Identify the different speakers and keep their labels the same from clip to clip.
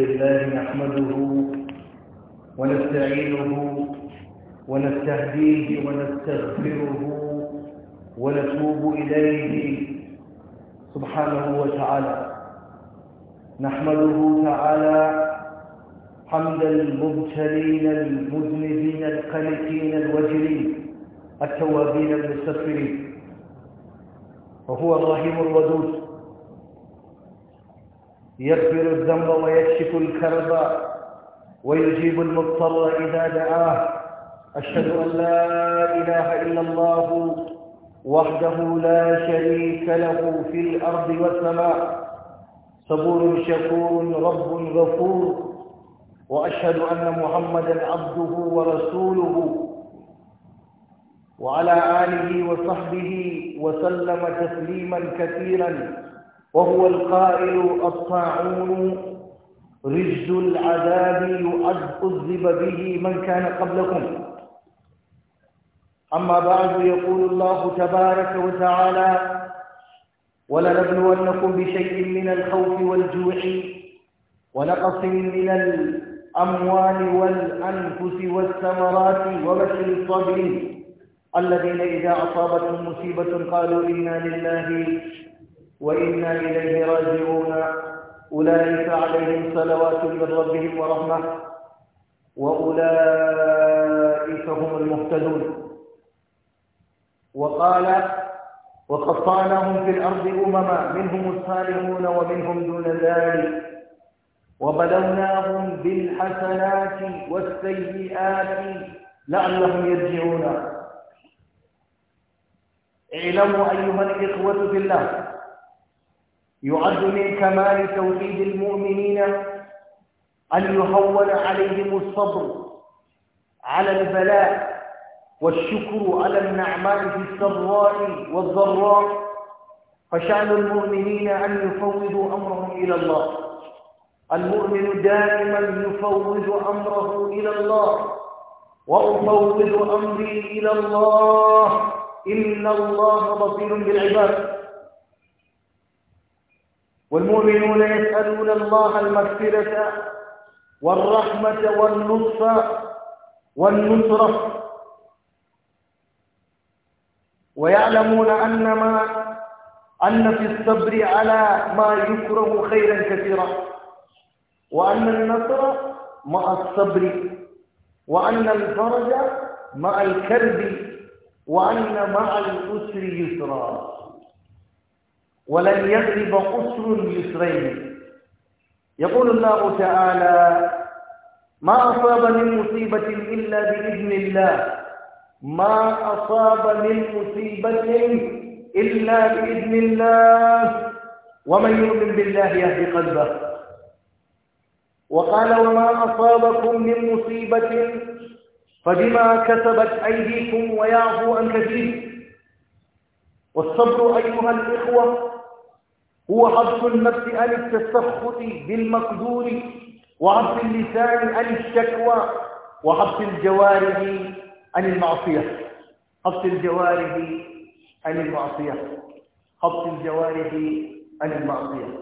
Speaker 1: لله نحمده ونستعينه ونستهديه ونستغفره ونتوب إليه سبحانه وتعالى نحمده تعالى حمد المبتلين المذنبين القلقين الوجلين التوابين المستغفرين وهو الرحيم الودود يغفر الذنب ويكشف الكرب ويجيب المضطر إذا دعاه أشهد أن لا إله إلا الله وحده لا شريك له في الأرض والسماء صبور شكور رب غفور وأشهد أن محمدا عبده ورسوله وعلى آله وصحبه وسلم تسليما كثيرا وهو القائل الطاعون رجز العذاب يؤذب به من كان قبلكم أما بعد يقول الله تبارك وتعالى ولنبلونكم بشيء من الخوف والجوع ونقص من الأموال والأنفس والثمرات وبشر الصابرين الذين إذا أصابتهم مصيبة قالوا إنا لله وإنا إليه راجعون أولئك عليهم صلوات من ربهم ورحمة وأولئك هم المهتدون وقال وقصاناهم في الأرض أمما منهم الصالحون ومنهم دون ذلك وبلوناهم بالحسنات والسيئات لعلهم يرجعون اعلموا أيها الإخوة بالله يعد من كمال توحيد المؤمنين أن يهون عليهم الصبر على البلاء والشكر على النعماء في السراء والضراء فشأن المؤمنين أن يفوضوا أمرهم إلى الله المؤمن دائما يفوض أمره إلى الله وأفوض أمري إلى الله إن الله بطل بالعباد والمؤمنون يسألون الله المغفرة والرحمة واللطف والنصرة ويعلمون أن ما أن في الصبر على ما يكره خيرا كثيرا وأن النصر مع الصبر وأن الفرج مع الكرب وأن مع الأسر يسرا ولن يضرب قسر اليسرين يقول الله تعالى ما أصاب من مصيبة إلا بإذن الله ما أصاب من مصيبة إلا بإذن الله ومن يؤمن بالله يهدي قلبه وقال وما أصابكم من مصيبة فبما كسبت أيديكم ويعفو عن كثير والصبر أيها الإخوة هو حفظ النفس عن التسخط بالمقدور وحفظ اللسان عن الشكوى وحفظ الجوارح عن المعصية حفظ الجوارح عن المعصية حفظ الجوارح عن المعصية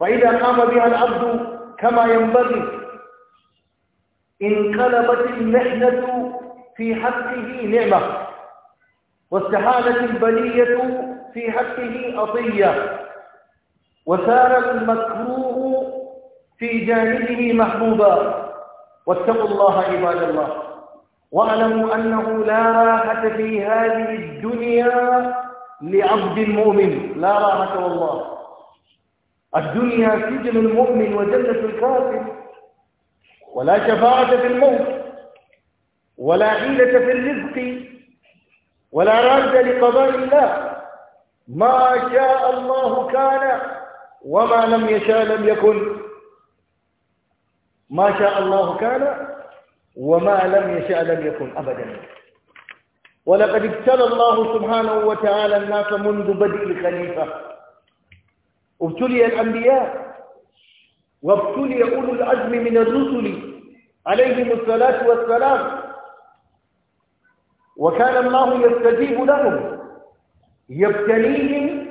Speaker 1: فإذا قام بها العبد كما ينبغي انقلبت المحنة في حقه نعمة واستحالت البلية في حقه أطية وسار المكروه في جانبه محبوبا واتقوا الله عباد الله واعلموا أنه لا راحة في هذه الدنيا لعبد المؤمن لا راحة والله الدنيا سجن المؤمن وجنة الكافر ولا شفاعة في الموت ولا عيلة في الرزق ولا راد لقضاء الله ما شاء الله كان وما لم يشاء لم يكن ما شاء الله كان وما لم يشاء لم يكن أبدا ولقد ابتلى الله سبحانه وتعالى الناس منذ بدء الخليفة ابتلي الأنبياء وابتلي أولو العزم من الرسل عليهم الصلاة والسلام وكان الله يستجيب لهم يبتليهم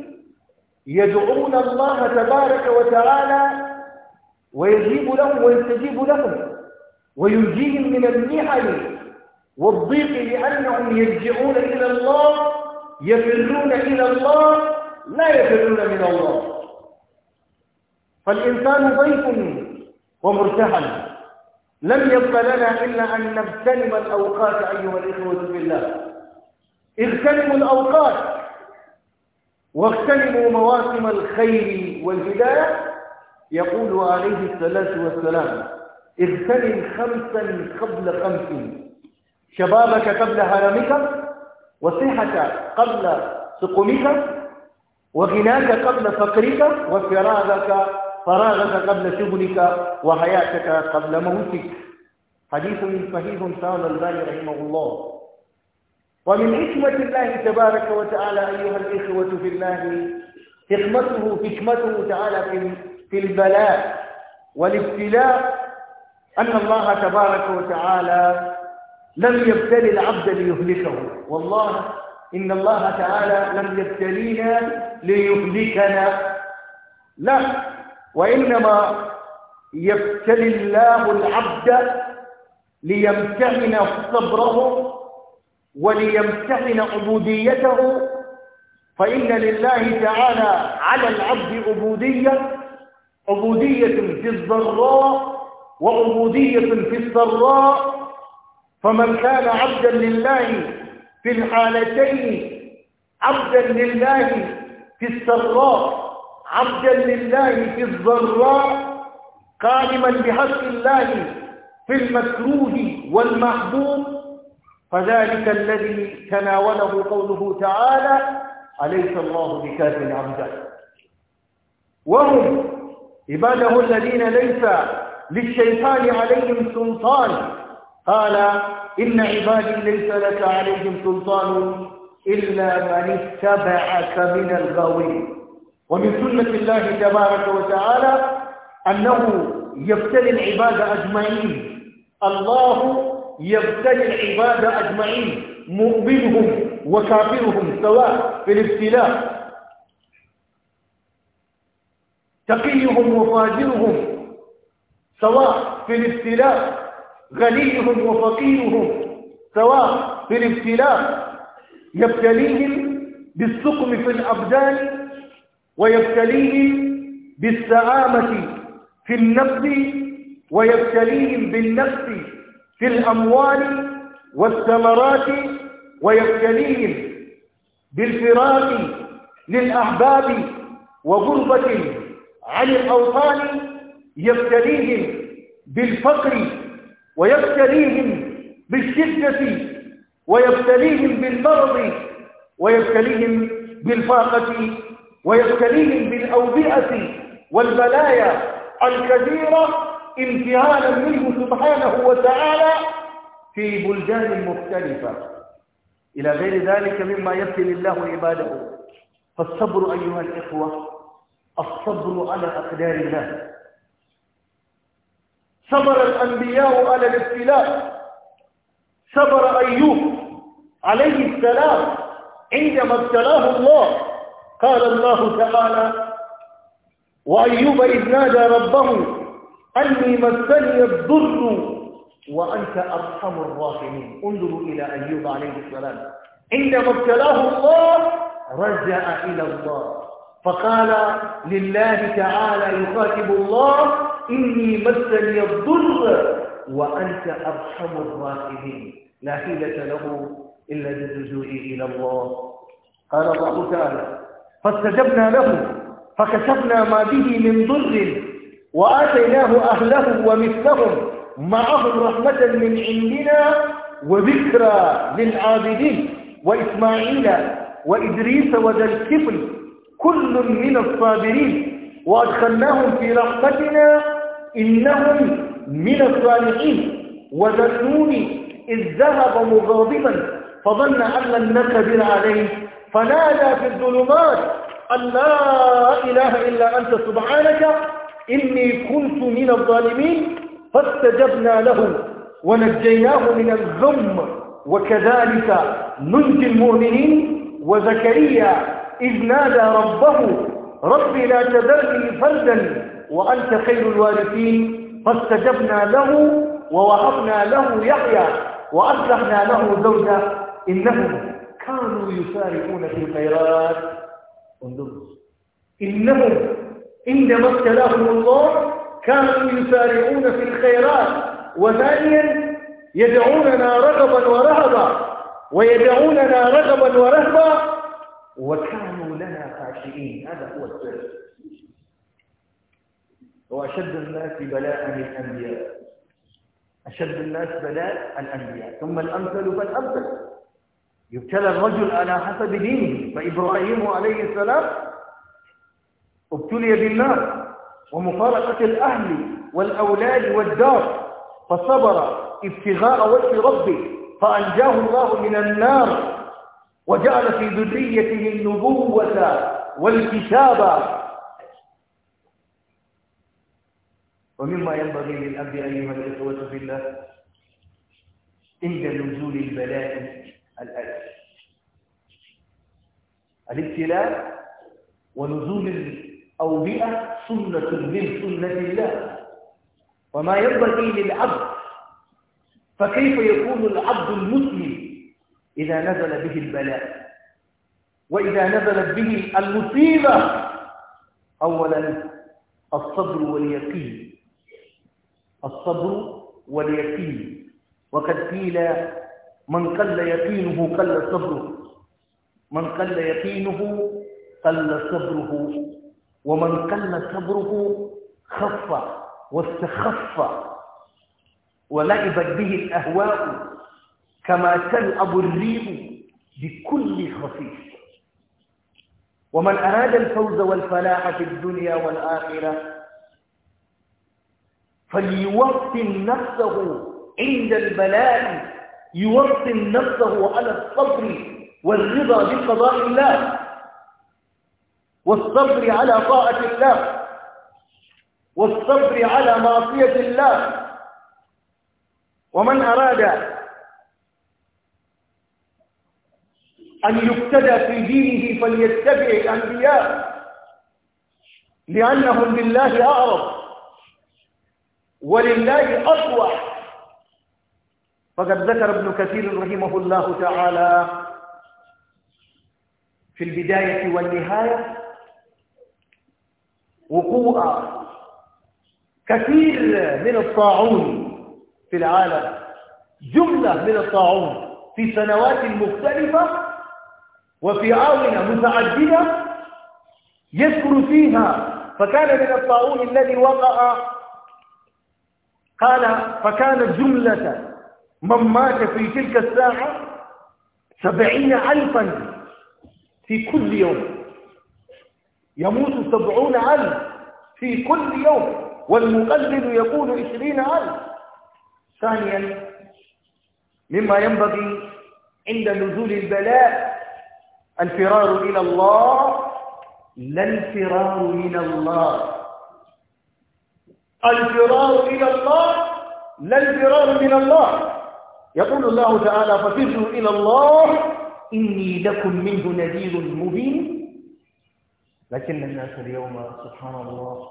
Speaker 1: يدعون الله تبارك وتعالى ويجيب لهم ويستجيب لهم وينجيهم من المحن والضيق لأنهم يرجعون إلى الله يفرون إلى الله لا يفرون من الله فالإنسان ضيف ومرتحل لم يبق لنا إلا أن نغتنم الأوقات أيها الإخوة بالله اغتنموا الأوقات واغتنموا مواسم الخير والهداية يقول عليه الصلاة والسلام اغتنم خمسا قبل خمس شبابك قبل هرمك وصحك قبل سقمك وغناك قبل فقرك وفراغك فراغك قبل شغلك وحياتك قبل موتك حديث صحيح قال الباري رحمه الله ومن حكمة الله تبارك وتعالى أيها الإخوة في الله حكمته حكمته تعالى في في البلاء والابتلاء أن الله تبارك وتعالى لم يبتلي العبد ليهلكه والله إن الله تعالى لم يبتلينا ليهلكنا لا وإنما يبتلي الله العبد ليمتحن صبره وليمتحن عبوديته فإن لله تعالى على العبد عبودية عبودية في الضراء وعبودية في السراء فمن كان عبدا لله في الحالتين عبدا لله في السراء عبدا لله في الضراء قائما بحق الله في المكروه والمحبوب فذلك الذي تناوله قوله تعالى أليس الله بكاف عبدا وهم عباده الذين ليس للشيطان عليهم سلطان قال إن عبادي ليس لك عليهم سلطان إلا من اتبعك من الغاوين ومن سنة الله تبارك وتعالى أنه يبتلي العباد أجمعين الله يبتلي العباد أجمعين مؤمنهم وكافرهم سواء في الابتلاء تقيهم وفاجرهم سواء في الابتلاء غنيهم وفقيرهم سواء في الابتلاء يبتليهم بالسقم في الأبدان ويبتليهم بالسآمة في النفس ويبتليهم بالنفس في الأموال والثمرات ويبتليهم بالفراق للأحباب وغربة عن الأوطان يبتليهم بالفقر ويبتليهم بالشدة ويبتليهم بالمرض ويبتليهم بالفاقة ويبتليهم بالأوبئة والبلايا الكثيرة امتهانا منه سبحانه وتعالى في بلدان مختلفة إلى غير ذلك مما يبتلي الله عباده فالصبر أيها الإخوة الصبر على أقدار الله صبر الأنبياء على الابتلاء صبر أيوب عليه السلام عندما ابتلاه الله قال الله تعالى وأيوب إذ نادى ربه أني مسني الضر وأنت أرحم الراحمين انظروا إلى أيوب عليه السلام عندما ابتلاه الله رجع إلى الله فقال لله تعالى يخاطب الله إني مسني الضر وأنت أرحم الراحمين لا حيلة له إلا بالرجوع إلى الله قال الله تعالى فاستجبنا له فكشفنا ما به من ضر وآتيناه أهله ومثلهم معهم رحمة من عندنا وذكرى للعابدين وإسماعيل وإدريس وذا الكفل كل من الصابرين وأدخلناهم في رحمتنا إنهم من الصالحين وذا النون إذ ذهب مغاضبا فظن أن لن نكبر عليه فنادى في الظلمات أن لا إله إلا أنت سبحانك إني كنت من الظالمين فاستجبنا له ونجيناه من الذم وكذلك ننجي المؤمنين وزكريا إذ نادى ربه رب لا تذرني فردا وأنت خير الوارثين فاستجبنا له ووهبنا له يحيى وأصلحنا له زوجه إنهم كانوا يسارعون في الخيرات انظروا إنهم عندما ابتلاهم الله كانوا يسارعون في الخيرات وثانيا يدعوننا رغبا ورهبا ويدعوننا رغبا ورهبا وكانوا لنا خاشعين هذا هو السر وأشد الناس بلاء الأنبياء أشد الناس بلاء الأنبياء ثم الأمثل فالأمثل يبتلى الرجل على حسب دينه فإبراهيم عليه السلام ابتلي بالنار ومفارقة الأهل والأولاد والدار فصبر ابتغاء وجه ربه فأنجاه الله من النار وجعل في ذريته النبوة والكتابة ومما ينبغي للأب أيها الإخوة في الله عند نزول البلاء الألف الابتلاء ونزول الأوبئة سنة من سنة الله وما ينبغي للعبد فكيف يكون العبد المسلم إذا نزل به البلاء وإذا نزلت به المصيبة أولا الصبر واليقين الصبر واليقين وقد قيل من قل يقينه قل صبره من قل يقينه قل صبره ومن قل صبره خف واستخف ولعبت به الأهواء كما تلعب الريح بكل خفيف ومن أراد الفوز والفلاح في الدنيا والآخرة فليوطن نفسه عند البلاء يوطن نفسه على الصبر والرضا بقضاء الله والصبر على طاعة الله والصبر على معصية الله ومن أراد أن يقتدى في دينه فليتبع الأنبياء لأنهم لله أعرض ولله أصوح فقد ذكر ابن كثير رحمه الله تعالى في البداية والنهاية وقوع كثير من الطاعون في العالم جملة من الطاعون في سنوات مختلفة وفي آونة متعددة يذكر فيها فكان من الطاعون الذي وقع قال فكانت جملة من مات في تلك الساعة سبعين ألفا في كل يوم يموت سبعون ألف في كل يوم والمقلل يكون عشرين ألف ثانيا مما ينبغي عند نزول البلاء الفرار إلى الله لا الفرار من الله الفرار إلى الله لا الفرار من الله يقول الله تعالى ففروا إلى الله إني لكم منه نذير مبين لكن الناس اليوم سبحان الله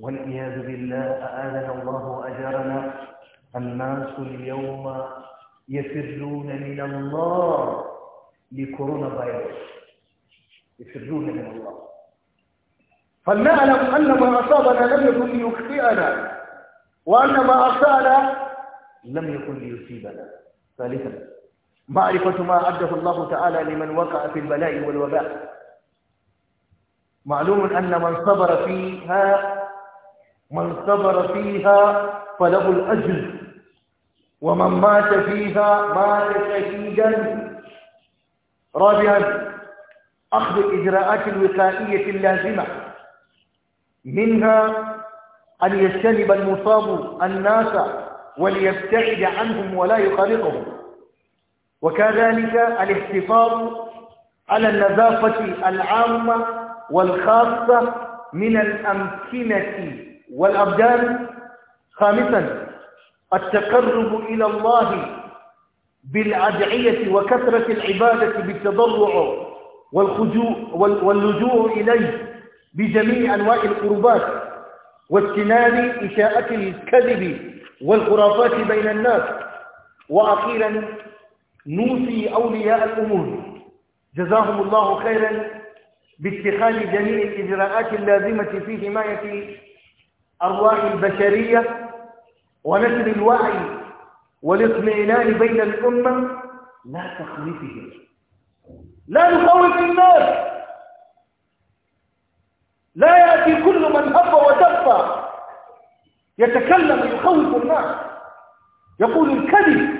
Speaker 1: والعياذ بالله أعاذنا الله أجرنا الناس اليوم يفرون من الله لكورونا فيروس يفرون من الله فلنعلم أن ما أصابنا لم يكن ليخطئنا وأن ما أصابنا لم يكن ليصيبنا ثالثا معرفة ما أعده الله تعالى لمن وقع في البلاء والوباء معلوم أن من صبر فيها من صبر فيها فله الأجر ومن مات فيها مات شهيدا رابعا أخذ الإجراءات الوقائية اللازمة منها أن يجتنب المصاب الناس وليبتعد عنهم ولا يخالطهم وكذلك الاحتفاظ على النظافة العامة والخاصة من الأمكنة والأبدان خامسا التقرب إلى الله بالأدعية وكثرة العبادة بالتضرع واللجوء إليه بجميع أنواع القربات واجتناب إشاءة الكذب والخرافات بين الناس وأخيرا نوصي أولياء الأمور جزاهم الله خيرا باتخاذ جميع الإجراءات اللازمة في حماية أرواح البشرية ونشر الوعي والاطمئنان بين الأمة لا تخويفهم لا نخوف الناس لا يأتي كل من هب وتفى يتكلم يخوف الناس يقول الكذب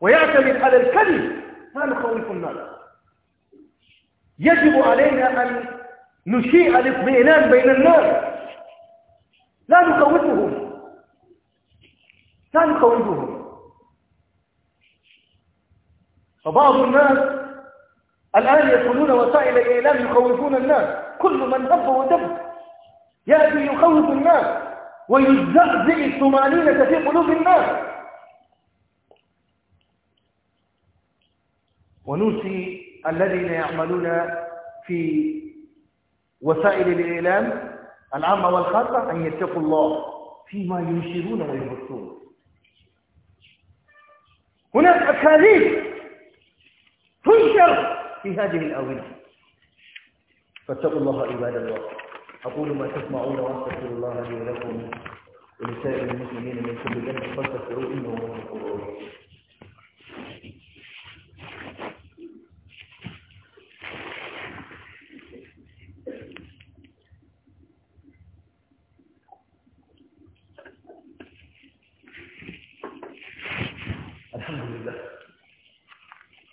Speaker 1: ويعتمد على الكذب ما نخوف الناس يجب علينا أن نشيء الاطمئنان بين الناس لا نخوفهم لا نخوفهم فبعض الناس الآن يدخلون وسائل الإعلام يخوفون الناس كل من دب ودب يأتي يخوف الناس ويزعزع الطمأنينة في قلوب الناس ونوصي الذين يعملون في وسائل الإعلام العامة والخاصة أن يتقوا الله فيما ينشرون ويبثون هناك أكاذيب تنشر في هذه الآونة فاتقوا الله عباد الله أقول ما تسمعون وأستغفر الله لي ولكم ولسائر المسلمين من كل ذنب فاستغفروا إنه هو الغفور الرحيم الحمد لله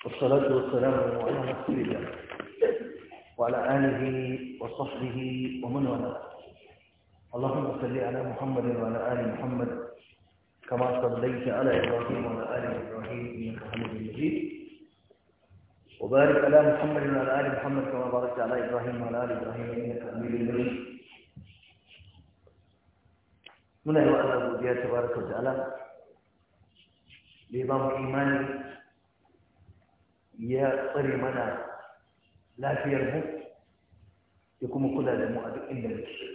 Speaker 1: والصلاة والسلام على رسول الله وعلى آله وصحبه ومن والاه اللهم صل على محمد وعلى آل محمد كما صليت على إبراهيم وعلى آل إبراهيم إنك حميد مجيد وبارك على محمد وعلى آل محمد كما باركت على إبراهيم وعلى آل إبراهيم إنك حميد مجيد من أيها الله تبارك وتعالى لإمام إيماني يا قريمنا lafiyar mu ya kuma kula da mu a duk inda muke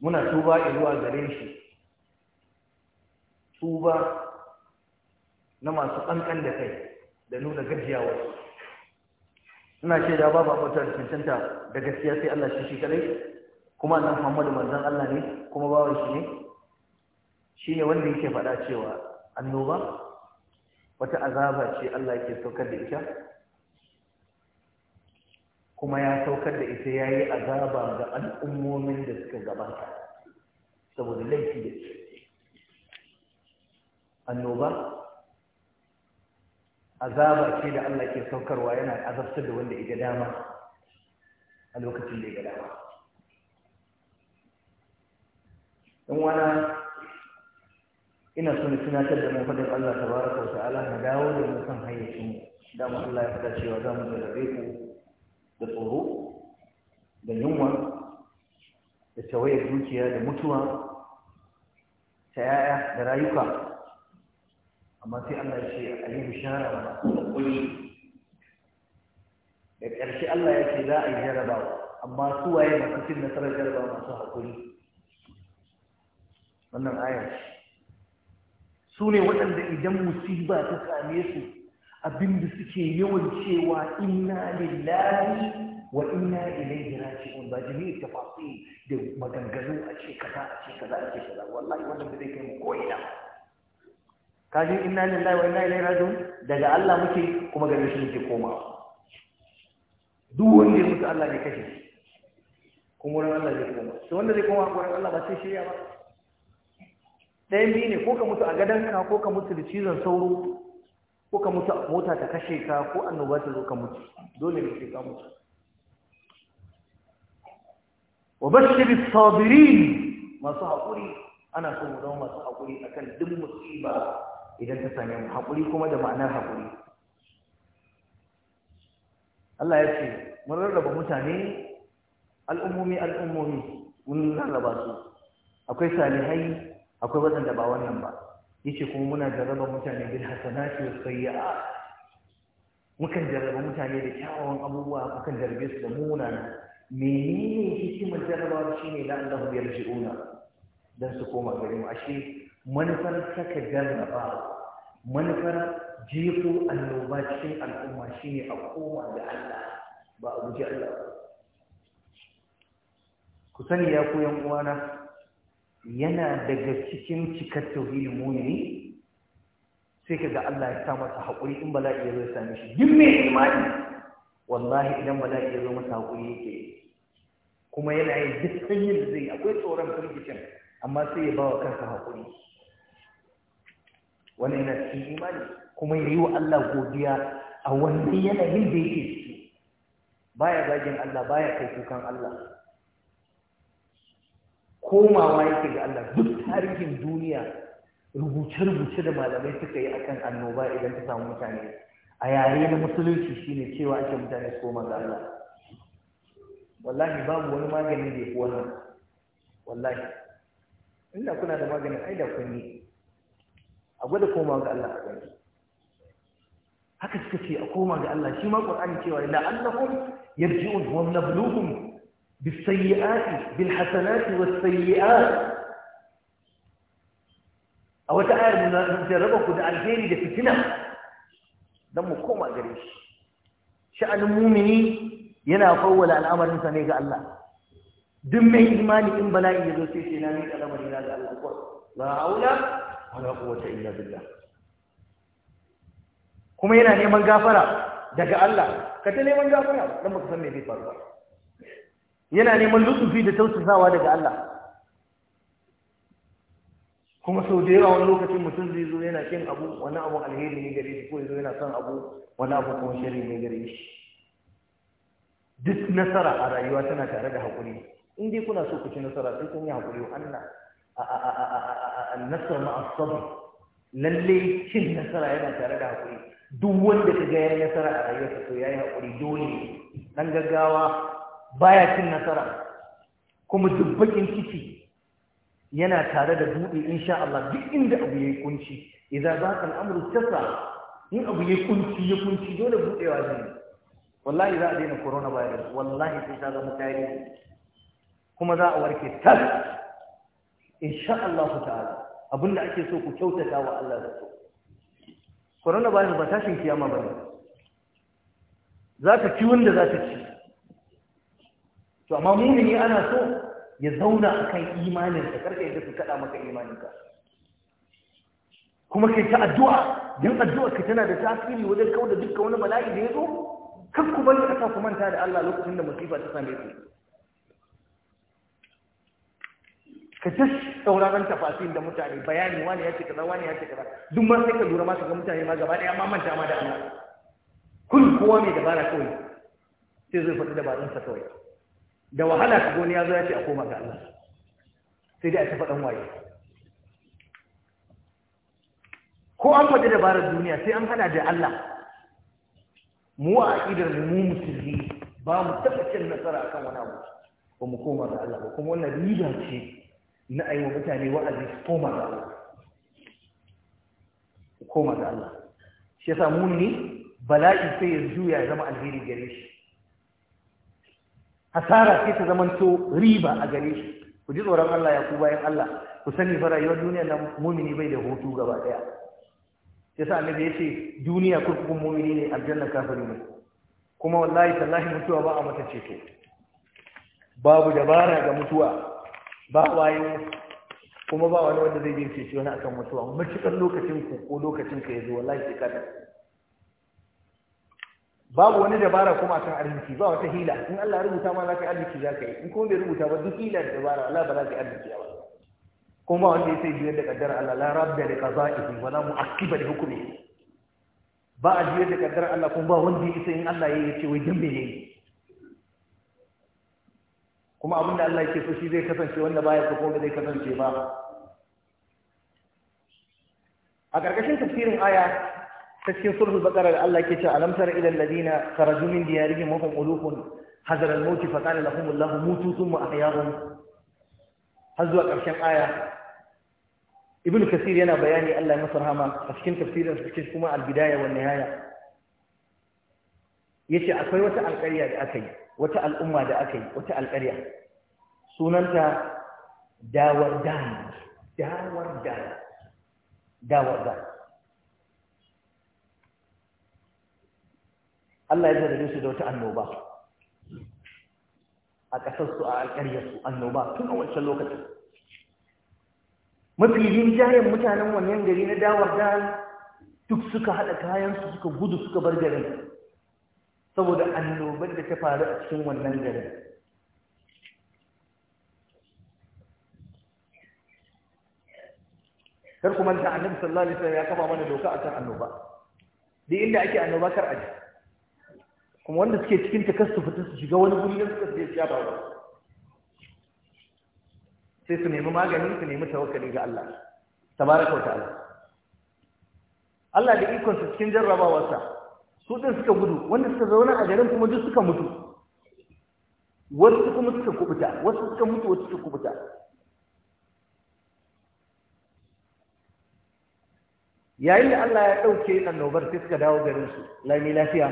Speaker 1: muna tuba zuwa gare shi tuba na masu ƙanƙan da kai da nuna gajiyawa ina ce da babu abubuwa cancanta da gaskiya sai Allah shi shi kadai kuma nan Muhammadu manzon Allah ne kuma bawan shi ne shine wanda yake faɗa cewa annoba wata azaba ce Allah yake saukar da ita kuma ya saukar da ita ya yi azaba ga al'ummomin da suka gabata saboda laifi da ce annoba azaba ce da Allah ke saukarwa yana azabtar da wanda ya dama a lokacin da ya dama. Ɗan wana ina so na tunatar da mu fadin Allah tabaraka wa ta'ala na dawo da mu kan hayyacin mu da mu Allah ya fada cewa za mu jarrabe ku da tsoro da yunwa da tawayar dukiya da mutuwa ta yaya da rayuka amma sai Allah ya ce a yi bishara wa masu haƙuri da ƙarshe Allah ya ce za a yi jarabawa amma su waye masu cin nasarar jarabawa masu haƙuri wannan aya su ne waɗanda idan musiba ta same su abinda suke yawan cewa inna lillahi wa inna ilaihi raji'un ba jami'i tafasir da maganganu a ce kaza a ce kaza a ce kaza wallahi wannan ba zai kai mu ko ina kaji inna lillahi wa inna ilaihi raji'un daga Allah muke kuma gare shi muke komawa duk wanda ya mutu Allah ne kashe kuma wurin Allah zai koma to wanda zai koma wurin Allah ba sai shirya ba ɗayan biyu ne ko ka mutu a gadonka ko ka mutu da cizon sauro ko ka mutu mota ta kashe ka ko annoba ta zo ka mutu dole ne sai ka mutu wa bashir as masu hakuri ana so mu zama masu hakuri akan duk musiba idan ta same mu hakuri kuma da ma'anar hakuri Allah ya ce mun rarraba mutane al'ummomi al'ummomi mun rarraba su akwai salihai akwai waɗanda ba wannan ba yace kuma muna jarraba mutane bil hasanati was sayyi'at mukan jarraba mutane da kyawawan abubuwa mukan jarrabe su da munana menene hikimar jarrabawa shine la Allah ya rji'una dan su koma gare mu ashe manufar saka jarraba manufar jefo annoba cikin al'umma shine a koma da Allah ba a guji Allah ku sani ya koyan uwana yana daga cikin cikar tauhidin mumini sai ka ga Allah ya sa masa haƙuri in bala'i ya zo ya same shi duk mai imani wallahi idan bala'i ya zo masa haƙuri yake kuma yana yin duk sanyin da zai akwai tsoron firgicin amma sai ya bawa kansa haƙuri Wani yana cikin imani kuma ya yi wa Allah godiya a wani yanayin da yake ciki baya zagin Allah baya kai kukan Allah
Speaker 2: komawa yake
Speaker 1: ga Allah duk tarihin duniya rubuce-rubuce da malamai suka yi akan annoba idan ta samu mutane a yare na musulunci shine cewa ake mutane su koma ga Allah wallahi babu wani magani da yafi wannan wallahi inda kuna da maganin ai da kun yi a gwada koma ga Allah a gani haka suka ce a koma ga Allah shi ma Qur'ani cewa la'allakum yarji'un wa nabluhum بالسيئات بالحسنات والسيئات او تعال من جربك ده الجيري ده فتنه ده مو كوما جريش شان المؤمن ينا فول الامر من سنه الله دم ايماني ان بلا يجوز شيء من الامر الى الله لا حول ولا قوه الا بالله kuma yana neman gafara daga Allah ka ta neman gafara dan baka san me zai faru ba yana neman lutsufi da tausasawa daga Allah kuma sau da yawa wani lokacin mutum zai zo yana kin abu wani abun alheri ne gare shi ko zo yana son abu wani abu kuma shirin ne gare shi duk nasara a rayuwa tana tare da haƙuri in dai kuna so ku ci nasara sai kun yi haƙuri wa Allah annasar ma'asabu lalle cin nasara yana tare da haƙuri duk wanda ka ga ya nasara a rayuwarsa to ya yi haƙuri dole dan gaggawa baya cin nasara kuma dubbakin ciki yana tare da buɗe insha Allah duk inda abu yi kunci idan ba ka amru tasa in abu yayi kunci ya kunci dole buɗewa zai wallahi za a daina corona virus wallahi sai ta zama tarihi kuma za a warke tas insha Allah ta'ala abinda ake so ku kyautata wa Allah da so corona virus ba tashin kiyama ne. za ta ci wanda za ta ci to amma mumini ana so ya zauna akan imaninsa karka yadda su kada maka imaninka kuma kai ta addu'a don addu'a ka tana da tasiri wajen kawo da dukkan wani bala'i da ya zo kan ku bari ka ku manta da Allah lokacin da musifa ta same ku ka ta sauraron tafasin da mutane bayani wani ya ce kaza wani ya ce kaza duk ma sai ka lura ma ka ga mutane ma gaba daya ma manta ma da Allah kun kowa mai dabara kawai sai zai faɗi dabarunsa kawai da wahala ka goni ya zo ya ce a koma ga Allah sai dai a tafi ɗan waye ko an faɗi dabarar duniya sai an hana da Allah mu a aƙidar mu musulmi ba mu taɓa cin nasara akan wani abu ba mu koma ga Allah ba kuma wannan riba ce na a yi wa mutane wa'azi su koma ga Allah koma ga Allah shi yasa ni bala'i sai ya juya ya zama alheri gare shi hasara sai ta zamanto riba a gare shi ku ji tsoron Allah ya ku bayan Allah ku sani fa rayuwar duniya nan mumini bai da hutu gaba daya yasa annabi ya ce duniya kurkukun mumini ne aljanna kafiri ne kuma wallahi tallahi mutuwa ba a mata ceto babu dabara ga mutuwa ba wayo kuma ba wani wanda zai je ceci wani akan mutuwa mutukan lokacin ku ko lokacin ka yazo wallahi sai ka babu wani dabara kuma akan arziki ba wata hila in Allah rubuta ma zaka arziki zaka yi in kuma bai rubuta ba duk hila da dabara Allah ba za arziki ba kuma wanda ya sai da kaddar Allah la rabda li qada'ihi wa la mu'aqqiba li hukmihi ba a juyar da kaddar Allah kuma ba wanda ya in Allah ya ce wai dan me yayi kuma abinda Allah yake so shi zai kasance wanda baya so kuma zai kasance ba a ƙarƙashin tafsirin aya ta cikin surhul baqara da Allah ke cewa alam tara ila alladhina kharaju min diyarihim wa hum ulufun hazara al-maut fa qala lahum Allah mutu thumma ahyahum har zuwa ƙarshen aya ibn kasir yana bayani Allah ya masa rahama a cikin tafsirin cikin kuma al-bidaya wa nihaya yace akwai wata alƙarya da aka yi wata al'umma da aka yi wata alƙarya sunanta dawar dan dawar dan dawar dan Allah ya zarrabe su da wata annoba a ƙasarsu a su annoba tun a wancan lokacin mafi rinjayen mutanen wannan gari na dawar da duk suka haɗa kayansu suka gudu suka bar garin saboda annobar da ta faru a cikin wannan garin kar kuma da annabi sallallahu alaihi wasallam ya kama mana doka akan annoba duk inda ake annoba kar a ji kuma wanda suke cikin ta kasu fita su shiga wani guri da suka sai ya ba sai su nemi magani su nemi tawakkali ga Allah tabaraka wa ta'ala Allah da ikon su cikin jarrabawarsa su din suka gudu wanda suka zauna a garin kuma duk suka mutu wasu kuma suka kubuta wasu suka mutu wasu suka kubuta yayin da Allah ya dauke annobar sai suka dawo garin su lami lafiya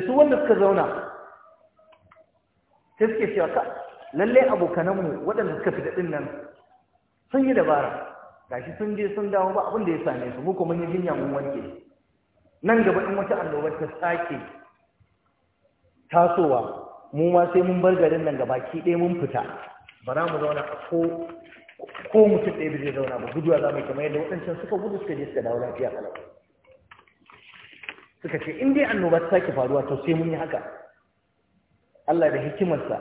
Speaker 1: sai su wanda suka zauna sai suke cewa ka lalle abokananmu waɗanda suka fi daɗin nan sun yi dabara gashi sun je sun dawo ba abin da ya same su muku mun yi jinya mun wanke nan gaba in wata annobar ta sake tasowa mu ma sai mun bar garin nan gaba ki ɗaya mun fita ba za mu zauna a ko ko mutum ɗaya bai zauna ba guduwa za mu kamar yadda waɗancan suka gudu suka je suka dawo lafiya suka ce in dai annoba ta sake faruwa to sai mun yi haka Allah da hikimarsa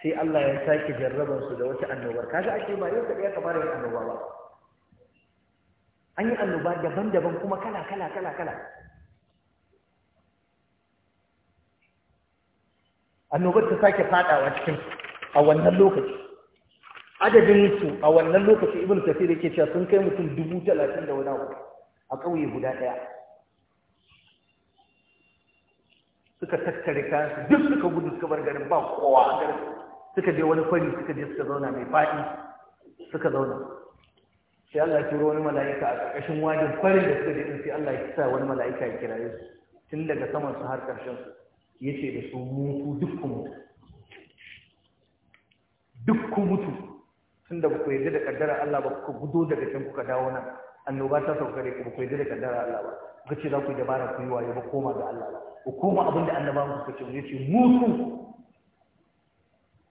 Speaker 1: sai Allah ya sake jarrabar su da wata annobar kaga ake ba yau kaɗai ya kamar yin annoba ba an yi annoba daban-daban kuma kala kala kala kala annobar ta sake fadawa cikin a wannan lokaci adadin su a wannan lokaci ibnu tafsir yake cewa sun kai mutum dubu talatin da wani abu a ƙauye guda ɗaya suka tattare kayan duk suka gudu suka bar garin ba kowa a garin suka je wani fari suka je suka zauna mai fadi suka zauna sai Allah ya turo wani mala'ika a ƙarƙashin wajen farin da suka je sai Allah ya sa wani mala'ika ya kiraye su tun daga saman su har ƙarshen su yace da su mutu duk ku mutu duk mutu tun da ba ku yarda da kaddara Allah ba ku gudo daga can kuka dawo nan annoba ta sauka gare ku ba ku da kaddara Allah ba kuka ce za ku yi dabara ku yi waye ba koma ga Allah ba ku koma abinda annaba mu suka ce mu ce musu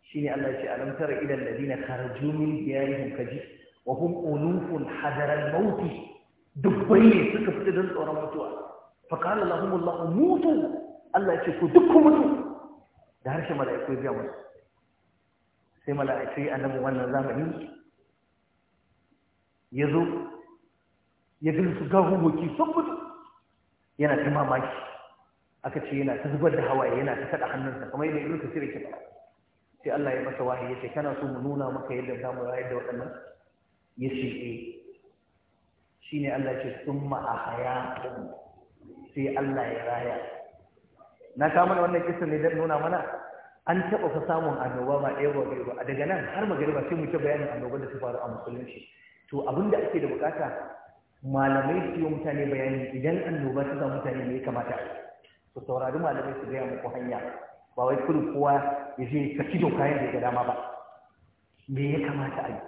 Speaker 1: shine Allah ya ce alam tara ila alladhina kharaju min diyarihim kaji wa hum ulufun hadara al-maut dubbai ne suka fita don tsoron mutuwa fa qala lahum Allah mutu Allah ya ce ku duk mutu da harshen mala'iku ya musu sai mala'iku annabi wannan zamani ya zo ya ga su gahugoki sun mutu yana ta mamaki aka ce yana ta zubar da hawaye yana ta kada hannunsa kamar yadda ibnu kasir yake faɗa sai Allah ya masa wahayi yace kana so mu nuna maka yadda zamu rayar da waɗannan Ya yace eh. Shi ne Allah yace summa ahya sai Allah ya raya na ka mana wannan kissa ne dan nuna mana an taɓa fa samun annoba ba ɗaya ba biyu ba daga nan har magariba sai mu ta bayanin annobar da ta faru a musulunci to abin da ake da bukata malamai su yi mutane bayani idan annoba su zama mutane ne kamata a yi su saurari malamai su gaya muku hanya ba wai kudu kowa ya je ka kido kayan da ya dama ba me ya kamata a yi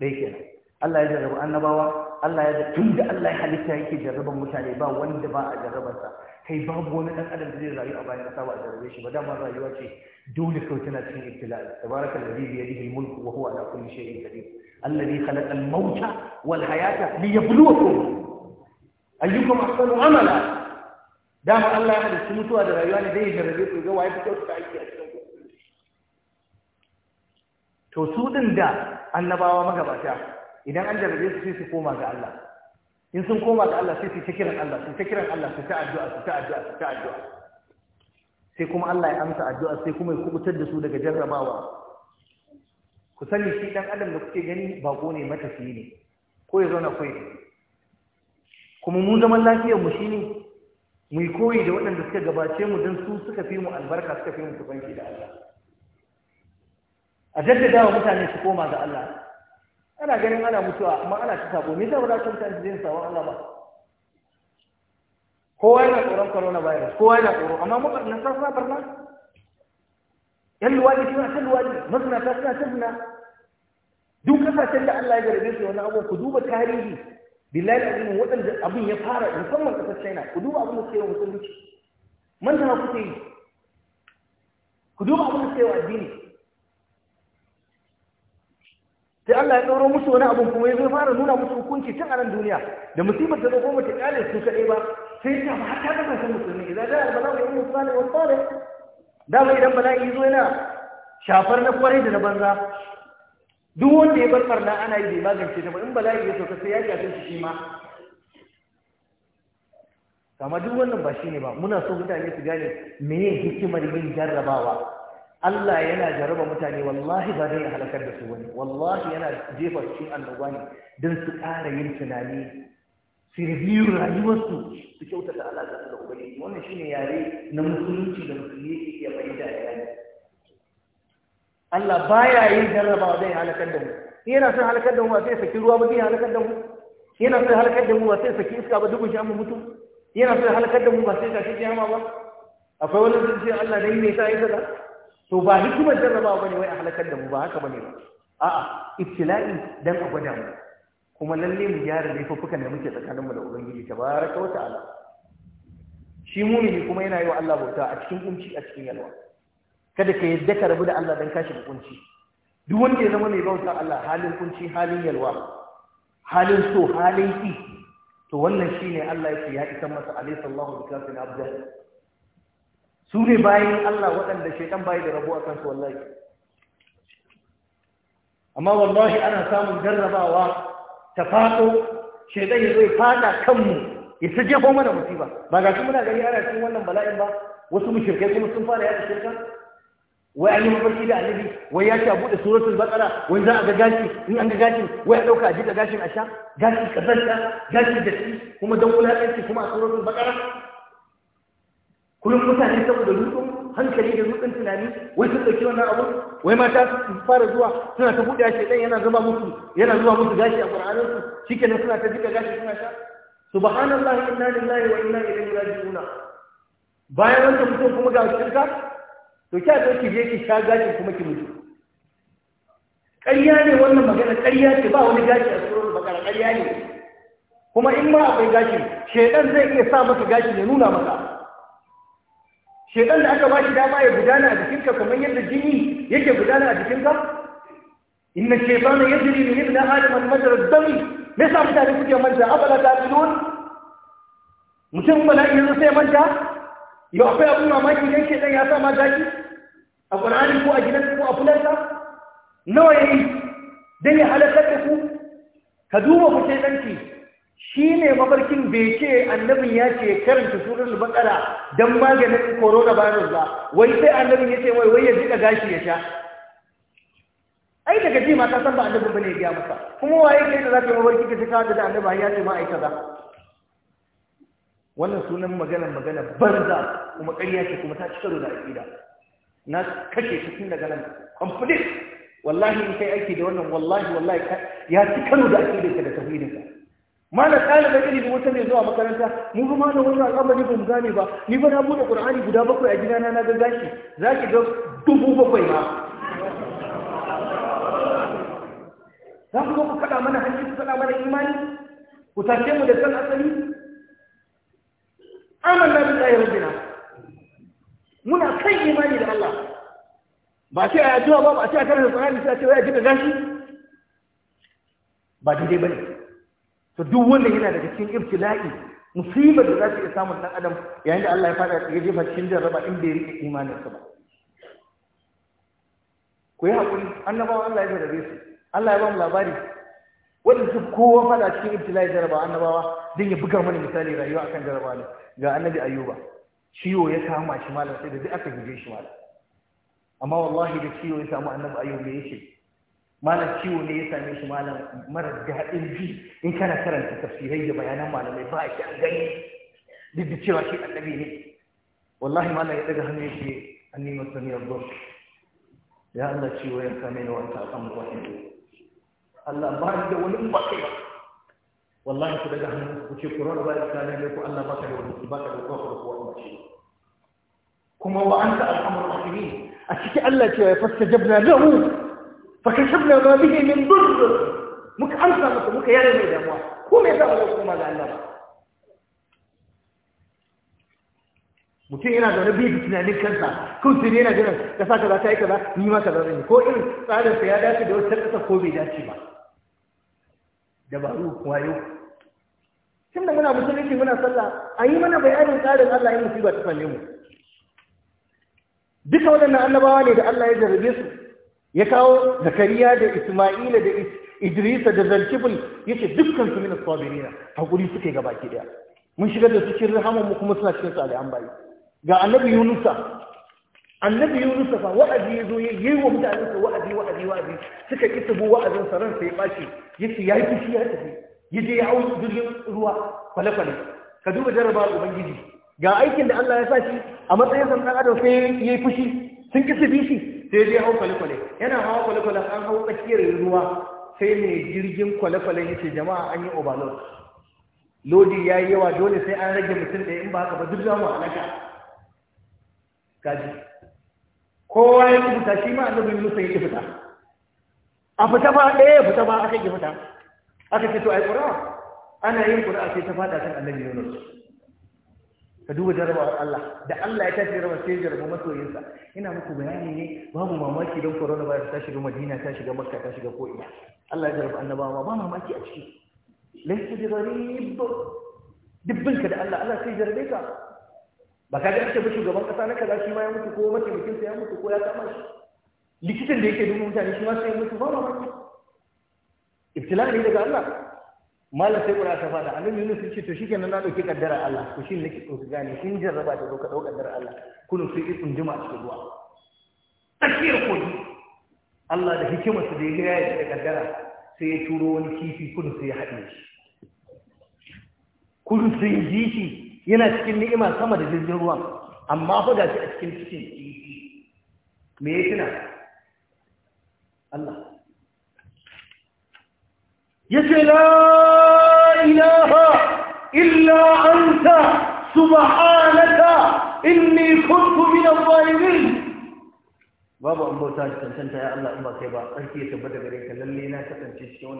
Speaker 1: ɗaya kenan Allah ya jarrabu annabawa Allah ya da tun da Allah ya halitta yake jarraban mutane ba wanda ba a jarrabarsa kai babu wani dan adam da zai rayu a bayan kasa ba a jarrabe shi ba dama rayuwa ce dole kawai tana cikin ibtila'i tabaraka alladhi bi yadihi al-mulku wa huwa ala kulli shay'in qadir alladhi khalaqa al-mauta wal hayata liyabluwakum ayyukum ahsanu amala dama Allah ya halitta mutuwa da rayuwa ne zai ya jarrabe ku ga waye fito kyautata aiki a cikin to su din da annabawa magabata idan an jarrabe su sai su koma ga Allah in sun koma ga Allah sai su ta kiran Allah su ta kiran Allah su ta addu'a su ta addu'a su ta addu'a sai kuma Allah ya amsa addu'a sai kuma ya kubutar da su daga jarrabawa ku sani shi dan adam da kuke gani bako ne matafiyi ne ko ya zauna koyi kuma mu zaman lafiyar mu shine mu yi koyi da waɗanda suka gabace mu don su suka fi mu albarka suka fi mu kusanci da Allah a wa mutane su koma ga Allah ana ganin ana mutuwa amma ana ta sabo me yasa ba za ka mutane sawa Allah ba kowa yana tsoron corona virus kowa yana tsoro amma mabarnan sa suna barna yan luwaɗi suna ta luwaɗi ta suna ta zina duk kasashen da Allah ya garbe su wani abu ku duba tarihi billahi azim waɗanda abin ya fara musamman ƙasar China ku duba abin da suke yi musulunci manta kuke yi ku duba abin da ke yi addini sai Allah ya ɗauro musu wani abin kuma ya zai fara nuna musu hukunci tun a nan duniya da musibar da zai mace kyale su kaɗai ba sai ta ba ta gama san musulmi idan da albala ya yi musali wa tsare dama idan bala'i zo yana shafar na kwarai da na banza duk wanda ya bar farna ana yi bai magance ta ba in bala'i ya sauka sai ya yi shi shi ma kama duk wannan ba shi ne ba muna so mutane su gane meye hikimar yin jarrabawa Allah yana jaraba mutane wallahi ba zai halakar da su wani wallahi yana jefa su cikin annoba ne don su ƙara yin tunani su review rayuwarsu su kyautata alaƙa da ubangiji wannan shine yare na musulunci da musulmi yake iya bai da yare Allah baya yin jarrabawa zai halakar da mu yana son halakar da mu ba sai saki ruwa ba zai halakar da mu yana son halakar da mu ba sai saki iska ba dukun shi amma mutu yana son halakar da mu ba sai shi jama'a ba akwai wani zai ce Allah dai me sai yi to ba hikimar jarraba bane wai a halakar da mu ba haka bane ba a'a ibtila'i dan a gwada mu kuma lalle mu gyara laifuffukan da muke tsakaninmu da ubangiji tabaraka wa ta'ala shi mumini kuma yana yi wa Allah bauta a cikin kunci a cikin yalwa kada ka yadda ka rabu da Allah dan kashi da kunci duk wanda ya zama mai bauta Allah halin kunci halin yalwa halin so halin ki to wannan shine Allah yake ya isan masa alayhi sallahu alaihi Wasallam. su ne bayan Allah waɗanda shaitan bayi da rabu a kansu wallahi amma wallahi ana samun jarrabawa ta faɗo shaitan ya zai faɗa kanmu ya ta jefo mana musiba ba ga muna gani ana cikin wannan bala'in ba wasu shirke kuma sun fara yaɗa shirka wai an yi mafarki da annabi wai ya ce a buɗe suratul baqara wai za a ga gashi in an ga gashin wai a ɗauka a da gashin a sha gashin kazanta gashin datti kuma dan wulaƙanci kuma a suratul baqara kullum mutane saboda rutsun hankali da rutsun tunani wai sun dauki wannan abu wai mata su fara zuwa suna ta buɗe shi shaidan yana zuba musu yana zuwa musu gashi a qur'anin su shikenan suna ta jika gashi suna sha subhanallahi inna lillahi wa inna ilaihi raji'un bayan wannan mutum kuma ga shirka to kya zo ki je ki sha gashi kuma ki mutu ƙarya ne wannan magana ƙarya ce ba wani gashi a surar bakara ƙarya ne kuma in ma akwai gashi shaidan zai iya sa maka gashi ya nuna maka shedan da aka ba bashi dama ya gudana a jikinka kamar yadda jini yake gudana a jikinka inna shaytana yajri min ibn adam halin majra ad-dami me sa mutane kuke manta abala ta'qilun mutum bala yanzu sai manta yau akwai abun mamaki dan shedan ya sa ma daki a qur'ani ko a gidan ko a fulanka nawa ya yayi dan ya halaka ku ka duba ku shedanki shi ne mafarkin Beke annabin ya ce karanta surar bakara don maganin coronavirus ba wai sai annabin ya ce wai wai ya jika gashi ya sha ai daga ji mata san ba annabin bane ya maka kuma waye kai da zaka yi mafarki ka tuka da annabi ya ce ma ai kaza wannan sunan magana magana banza kuma ƙarya ce kuma ta cika da aƙida na kashe shi tun daga nan complete wallahi in kai aiki da wannan wallahi wallahi ya ci da da ka da ka Mana malam da ilimi wata mai zuwa makaranta mu ga malam wannan al'amari ba mu gane ba ni ba na buɗe qur'ani guda bakwai a gidana na ga gashi zaki ga dubu bakwai ba. za ku zo ku faɗa mana hanci ku faɗa mana imani ku tashe mu da san asali amanna bi ayyi rabbina muna kan imani da Allah ba sai a addu'a ba ba sai a karanta qur'ani sai a ce wai a ga gashi ba daidai bane to duk wanda yana daga cikin ibtila'i musibar da za ta iya samun dan adam yayin da Allah ya fada ya jefa cikin jarraba in bai rike sa ba ku yi hakuri annabawa Allah ya jarrabe su Allah ya ba mu labari wanda su kowa fada cikin ibtila'i jarraba annabawa din ya buga mana misali rayuwa akan jarraba ne ga annabi ayyuba ciwo ya kama shi malam sai da duk aka guje shi malam amma wallahi da ciwo ya samu annabi ayyuba ya ce malam ciwo ne ya same shi malam mara daɗin ji in kana karanta tafsirai da bayanan malamai ba shi an gani duk da cewa shi annabi ne wallahi malam ya daga hannu yake anni masani yabbar ya Allah ciwo ya same ni wata wanta akan wani Allah ba da wani ba kai ba wallahi ku daga hannu ku ce kurar ba ya same ni ku Allah ba baka da wani ka da kofa da wani ba shi kuma wa anta alhamdulillah a cikin Allah ce ya fasta jabna lahu فكشفنا ما به من ضر muka amsa مك muka yare mai damuwa ko me yasa ba zai Allah ba mutum yana da bai da tunanin kansa kawai sai yana jiran kasa kaza ta yi kaza ni ma kaza zan yi ko irin tsarinsa ya dace da wata kasa ko bai dace ba dabaru wayo tunda muna musulunci muna sallah a yi mana bayanin tsarin Allah in musiba ta same mu duka waɗannan annabawa ne da Allah ya jarrabe su ya kawo zakariya da isma'ila da idrisa da zalkibul ya ce dukkan su minas sabirina hakuri suke ga baki daya mun shigar da su cikin rahaman mu kuma suna cikin salihan bayi ga annabi yunusa annabi Yunusa fa wa'azi ya zo yayi wa mutanen sa wa'azi wa'azi wa'azi suka ki tubu wa'azin sa ransa ya bashi yace yayi fushi ya tafi yaje ya hau jirgin ruwa kwale-kwale ka duba jaraba ubangiji ga aikin da Allah ya sa shi a matsayin sa dan adam sai yayi fushi sun ki bishi. sai dai hau kwale-kwale yana hawa kwale-kwale an hau tsakiyar ruwa sai mai jirgin kwale-kwale ya ce jama'a an yi obalo lodi ya yi yawa dole sai an rage mutum ɗaya in ba haka ba duk zamu alaka gaji kowa ya rubuta shi ma annabi Musa ya fita a fita ba ɗaya fita ba aka ki fita aka ce to ai qur'a ana yin qur'a sai ta fada kan annabi Yunus ka duba jarrabawar Allah da Allah ya tashi jarraba sai jarraba masoyinsa ina muku bayani ne babu mamaki don coronavirus ta shiga Madina ta shiga Makka ta shiga ko ina Allah ya jarraba annabawa ba mamaki a ciki laysa bi gharib dibbin ka da Allah Allah sai jarrabe ka ba ka ga ake ba gaban kasa na kaza shi ma ya mutu ko mataimakin sa ya mutu ko ya kama shi likitan da yake duba mutane shi ma sai ya mutu ba mamaki ibtila ne daga Allah malam sai kuna ta fada annabi Yunus ya ce to nan na dauki kaddara Allah ko shin nake so su gane in jarraba ta dauka dauka kaddara Allah kullu sai ibn juma a cikin ruwa tsakiyar kogi Allah da su da ya ya da kaddara sai ya turo wani kifi kullu sai ya haɗe shi kullu sai ji shi yana cikin ni'ima sama da jirgin ruwan amma fa shi a cikin cikin kifi me ya na Allah يسأل لا إله إلا أنت سبحانك إني كنت من الظالمين بابا أم بوتان أنت يا الله أم بوتان أنت يتبدأ بريك للينا تتنشيشون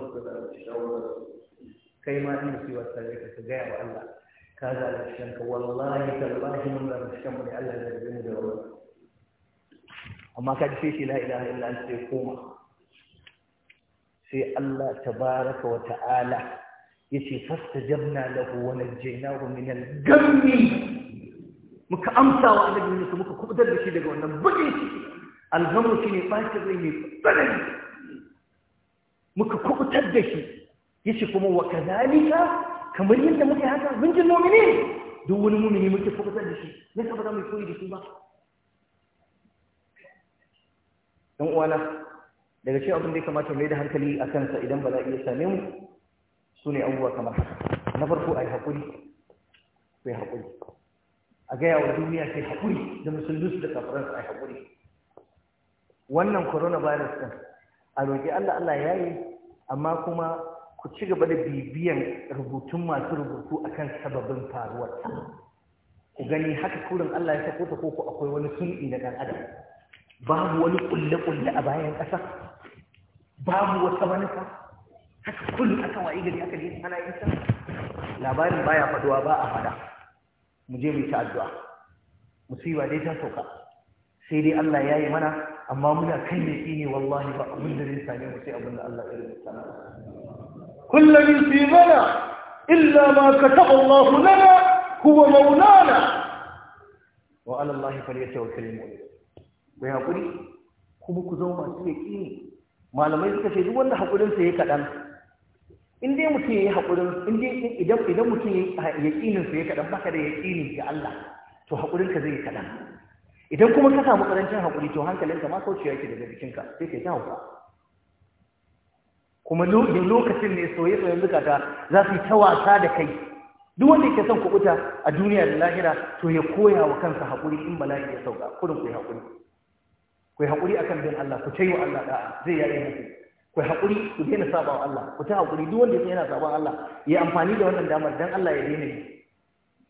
Speaker 1: كي ما أنت سوى السلوك تجاه الله كذا لشانك والله تلاه من الله نشكم لألا جربين دولة أما كان فيه لا إله إلا أنت يقومه sai Allah tabaraka wa ta'ala ya ce yace fastajabna lahu wa najaynahu min al-gammi muka amsa wa annabi Yunus muka kubutar da shi daga wannan bugun al-gammu shine bacin rai mai tsanani muka kubutar da shi yace kuma wa kadhalika kamar yadda muke haka mun ji mu'mini duk wani mu'mini muke kubutar da shi me yasa ba za mu koyi da shi ba dan uwana daga cikin abin da ya kamata mai da hankali a kansa idan ba za a iya same mu su ne abubuwa kamar haka na farko a yi haƙuri ku yi haƙuri a gaya wa duniya sai haƙuri da musulmi da kafiransu a yi haƙuri wannan coronavirus ɗin a roƙi allah allah ya yi amma kuma ku ci gaba da bibiyan rubutun masu rubutu akan sababin faruwar ku gani haka kurin allah ya sako ta koko akwai wani sun'i na ɗan adam babu wani kulle-kulle a bayan ƙasa babu wata manufa haka kullum aka wayi gari aka yi ana yin sa labarin baya faduwa ba a fada mu je mu ta addu'a musiba dai ta sauka sai dai Allah ya yi mana amma muna kan shi ne wallahi ba abin da zai same mu sai abin da Allah ya rubuta mana kullum fi mana illa ma kataba Allah lana huwa maulana wa ala Allah fa al-mu'min ku haƙuri kuma ku zama masu yaƙini malamai suka ce duk wanda haƙurinsa ya kaɗan in dai mutum ya yi haƙurin in dai idan idan mutum ya yaƙininsa ya kaɗan baka da yaƙini ga Allah to haƙurinka zai kaɗan idan kuma ka samu ƙarancin haƙuri to hankalinka ma kaucewa yake daga jikinka sai ka ta hauka kuma lokacin ne soye-soyen zukata za su yi ta wasa da kai duk wanda yake son kubuta a duniya da lahira to ya koya wa kansa haƙuri in bala'i ya sauka kurin ku yi haƙuri ku yi haƙuri akan bin Allah ku ce wa Allah da'a zai yare muku ku yi haƙuri ku daina sabawa Allah ku ta haƙuri duk wanda yana sabawa Allah ya amfani da wannan damar dan Allah ya daina yi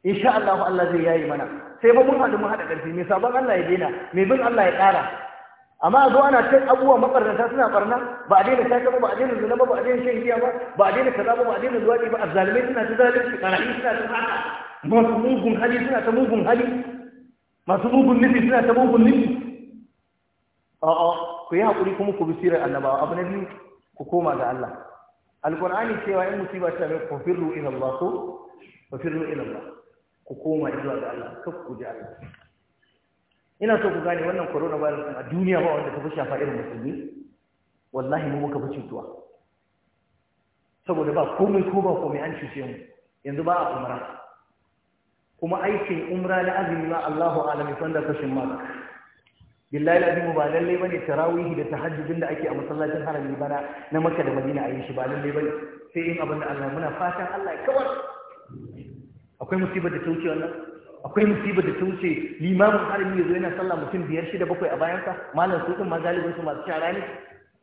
Speaker 1: insha Allah Allah zai yayi mana sai ba mun haɗu mun haɗa ƙarfi mai saban Allah ya daina mai bin Allah ya ƙara amma zo ana cin abubuwa makarnata suna barna ba a daina sake ba ba a daina zina ba ba a daina shan giya ba ba a daina kaza ba ba a daina zuwaɗi ba azzalimai suna ta zalunci ƙarayi suna ta haka masu mugun hali suna ta mugun hali masu mugun nufi suna ta mugun nufi a'a ku yi haƙuri kuma ku bi sirar annabawa abu na biyu ku koma ga Allah alqur'ani cewa in musiba ta mai ku firru ila Allah ko ku firru ila Allah ku koma zuwa ga Allah kar ku ji Allah ina so ku gane wannan corona virus a duniya ba wanda ta fi shafa irin musulmi wallahi mu muka fi cutuwa saboda ba komai ko ba komai an cuce mu yanzu ba a umra kuma aikin umra da azumi ma Allahu alami sanda kashin maka billahi azimu ba lalle bane tarawih da tahajjudin da ake a masallacin harami bana na makka da madina a yi shi ba lalle bane sai in abin da Allah muna fatan Allah ya kawar akwai musibar da ta wuce wannan akwai musibar da ta wuce limamin harami yazo yana sallah mutum biyar shida bakwai a bayansa malam su din magalibin su masu shara ne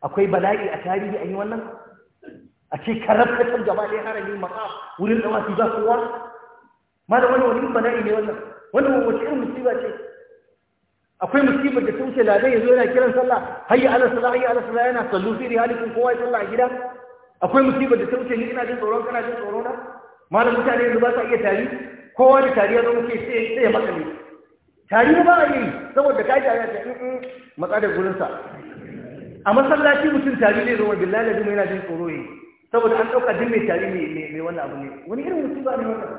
Speaker 1: akwai bala'i a tarihi an yi wannan a ce karabkatar gaba ɗaya harami maka wurin da wasu za kowa malam wani wani bala'i ne wannan wannan wani irin musiba ce akwai musibar da ta wuce ladai yazo yana kiran sallah hayya ala salah hayya ala salah yana sallu fi rihalikum kowa ya sallah a gida akwai musibar da ta wuce ni ina jin tsoro kana jin tsoro na malam mutane yanzu ba sa iya tari kowa da tari ya zo muke sai sai ya makale tari ba a yi saboda kaji a yace in mm, mm, matsa da gurin sa a masallaci mutum tari zai zo wa billahi jima'i yana jin tsoro yi eh. saboda an dauka din mai tari mai mai wannan abu ne wani irin musiba ne wannan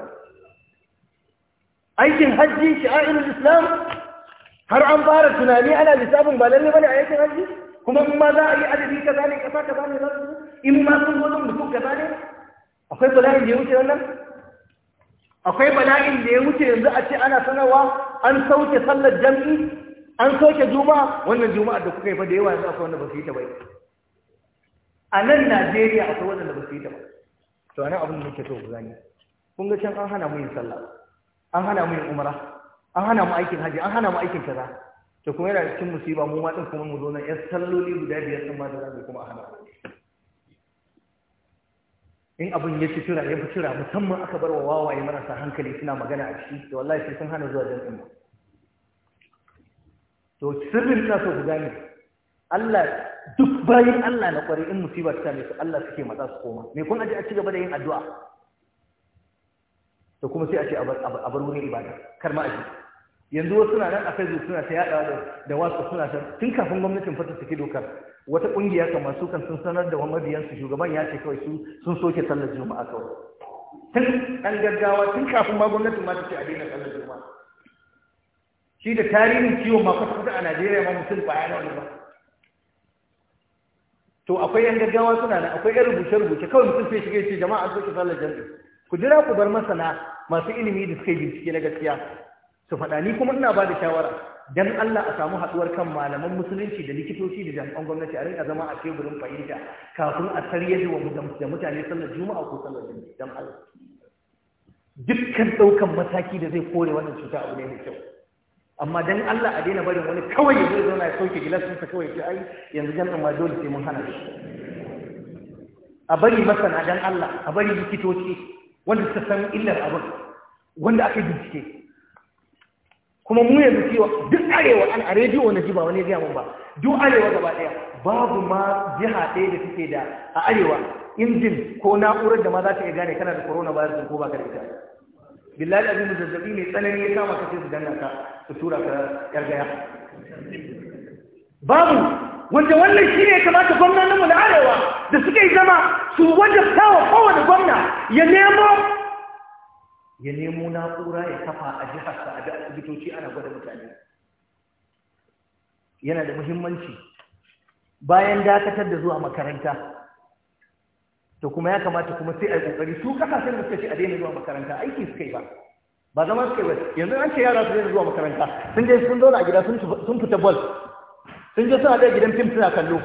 Speaker 1: aikin hajji shi'a'irul islam
Speaker 2: har an fara tunani ana
Speaker 1: lissafin ba lalle bane a yakin hajji kuma in ma za a yi adadi kaza ne kaza kaza ne za su in ma sun zo zan mutum kaza ne akwai bala'in da ya wuce wannan akwai bala'in da ya wuce yanzu a ce ana sanarwa an sauke sallar jam'i an sauke juma'a wannan juma'a da kuka yi fa da yawa yanzu akwai wanda ba su yi ta bai a nan najeriya akwai wanda ba su yi ta ba. to anan abin da muke so ku gani kun ga can an hana mu yin sallah an hana mu yin umara an hana mu aikin haji an hana mu aikin kaza to kuma yana cikin musiba mu ma din kuma mu zo nan yan salloli guda biyar din ma da zamu kuma a hana in abin ya fitura ya fitura musamman aka bar wa wawaye marasa hankali suna magana a ciki to wallahi sai sun hana zuwa dan din to sirrin ina so ku gane Allah duk bayan Allah na kware in musiba ta same su Allah suke matsa su koma me kun aje a ci gaba da yin addu'a to kuma sai a ce a bar wurin ibada kar ma a ji yanzu wasu suna nan a facebook suna ta yada da wasu suna ta tun kafin gwamnatin fata take dokar wata kungiya kamar su kan sun sanar da mabiyan su shugaban ya ce kawai sun soke sallar juma'a kawai tun dan gaggawa tun kafin ma gwamnatin ma ta ce a daina sallar juma'a shi da tarihin ciwon ma kwata kwata a najeriya ma mutum ba ya nawa ba to akwai yan gaggawa suna nan akwai yan rubuce rubuce kawai mutum sai shige shi jama'a su ke sallar jami'a ku jira ku bar masana masu ilimi da suka yi bincike na gaskiya su faɗa ni kuma ina ba da shawara dan Allah a samu haɗuwar kan malaman musulunci da likitoci da jami'an gwamnati a rinka zama a teburin fahimta kafin a sarye da mutane sallar juma'a ko sallar juma'a dan Allah dukkan ɗaukan mataki da zai kore wannan cuta abu ne mai kyau amma dan Allah a daina barin wani kawai ya zai zauna ya sauke gilasinsa kawai ce ai yanzu jami'an ma dole sai mun hana shi a bari masana dan Allah a bari likitoci wanda suka san illar abin wanda aka bincike kuma mu yanzu cewa duk arewa an a rediyo na ji ba wani gaya mun ba duk arewa gaba ɗaya babu ma jiha ɗaya da suke da a arewa injin ko na'urar da ma za ta iya gane kana da korona virus ko ba ka da ita billahi azim zazzabi mai tsanani ya kama ka sai su danna ka su tura ka yar gaya babu wanda wannan shi ne kamata gwamnaninmu na arewa da suke zama su wajabta wa kowane gwamna ya nemo ya nemo na'ura ya kafa a jiharsa a da asibitoci ana gwada mutane yana da muhimmanci bayan dakatar da zuwa makaranta to kuma ya kamata kuma sai a yi kokari su kasashen sai suka ce a daina zuwa makaranta aiki suka yi ba ba zama suka yi ba yanzu an ce yara su daina zuwa makaranta sun je sun zauna a gida sun fita bol sun je suna da gidan fim suna kallo